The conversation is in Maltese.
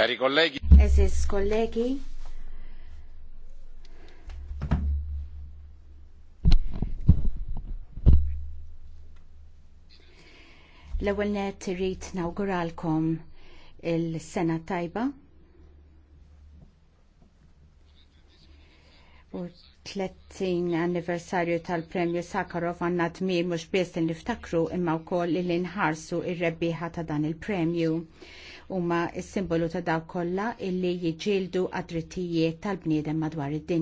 Cari colleghi. colleghi. L-ewwel net irid nawguralkom il-sena tajba u 30 anniversarju tal-Premju Sakharov għanna tmir mux biss niftakru imma u koll li nħarsu ir-rebbiħa ta' dan il-premju. Uma s-simbolu ta' daw kolla illi jġildu għadrittijiet tal-bniedem madwar id-dinja.